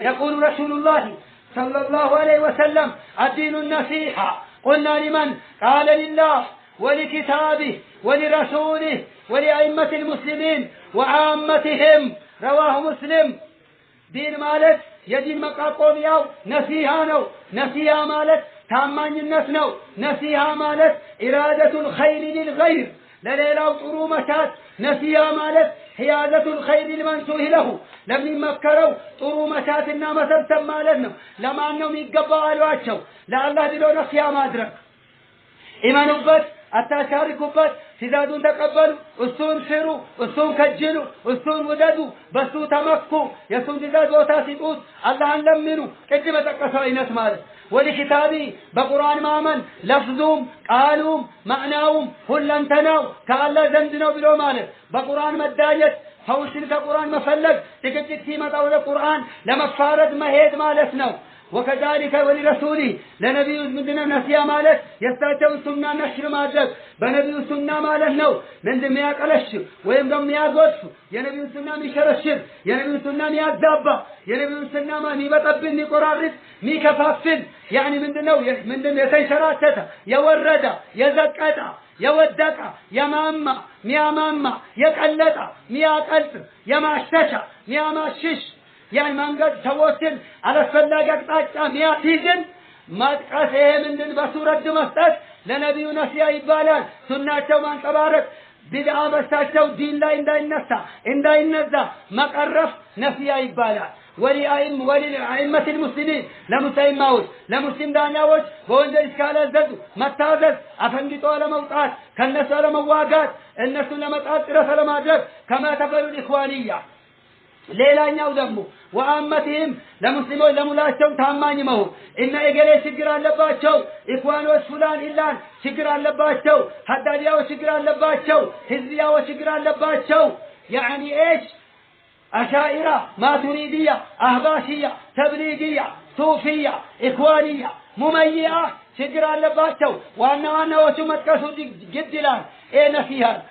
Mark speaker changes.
Speaker 1: يقول رسول الله صلى الله عليه وسلم الدين النصيحة قلنا لمن قال لله ولكتابه ولرسوله ولأئمة المسلمين وعامتهم رواه مسلم دين مالك يدين مقاقوم يو نسيها نو نسيها مالك تامان الناس نو نسيها مالك إرادة الخير للغير لليلة طرومتات نسيها مالك حيادة الخير لمن سهله لمن مكروا طرو مساتنا مسبتا ما لنا لما أنهم يقبوا على الواتشو لأ الله دلونا صيام أدرك إيمان الغد አታሻርኩበት፣ ትዕዛዙን ተቀበሉ፣ እሱን ስሩ እሱን ከጅሉ፣ እሱን ውደዱ፣ በሱ ተመኩ፣ የእሱን ትዕዛዝ ቦታ ሲጡት አላህን ለምኑ። ቅድም የጠቀሰው አይነት ማለት ወልኪታቢ በቁርአን ማመን ለፍዙም ቃሉም ማዕናውም ሁለንተናው ከአላህ ዘንድ ነው ብሎ ማለት በቁርአን መዳኘት ፈውስን ከቁርአን መፈለግ ጭቅጭቅ ሲመጣ ወደ ቁርአን ለመፋረድ መሄድ ማለት ነው። ወከዛሊከ ወሊረሱሊ ለነቢዩ ምንድነው ነስያ ማለት የእሳቸውን ሱና ነሽር ማድረግ በነቢዩ ሱና ማለት ነው። ምንድ የሚያቀለሽ ወይም ደግሞ የሚያጎድፍ የነቢዩ ሱና የሚሸረሽር የነቢዩ ሱና የሚያዛባ የነቢዩ ሱና የሚበጠብን የሚቆራርጥ የሚከፋፍል ያኒ ምንድነው ምንድነው የተንሸራተተ የወረደ የዘቀጠ የወደቀ የማማ ሚያማማ የቀለጠ ሚያቀልጥ የማሸሻ ሚያማሽሽ ይህ መንገድ ሰዎችን አላስፈላጊ አቅጣጫ ሚያስይዝን መጥቀስ ይሄ ምንድን በሱረድ መስጠት ለነቢዩ ነሲያ ይባላል። ሱናቸው ማንጸባረቅ ቢድአ በሳቸው ዲን ላይ እንዳይነሳ እንዳይነዛ መቀረፍ ነሲያ ይባላል። አይም ወሊል አይመቲል ሙስሊሚን ለሙሰይማዎች ለሙስሊም ዳኛዎች በወንጀል እስካላዘዙ መታዘዝ፣ አፈንግጦ ለመውጣት ከእነሱ ለመዋጋት፣ እነሱን ለመጣት ጥረት አለማድረግ ከመተፈሉል ኢኽዋንያ ሌላኛው ደግሞ ወአመትህም ለሙስሊሞች ለሙላቸው ታማኝ መሆን እና እገሌ ችግር አለባቸው፣ ኢኳኖች ፉላን ኢላን ችግር አለባቸው፣ ሀዳዲያዎች ችግር አለባቸው፣ ህዝብያዎች ችግር አለባቸው። ያዕኒ ኤች አሻኢራ፣ ማቱሪዲያ፣ አህባሽያ፣ ተብሊጊያ፣ ሱፊያ፣ ኢኳንያ፣ ሙመይአ ችግር አለባቸው። ዋና ዋናዎቹ መጥቀሱ ግድ ይላል። ኤ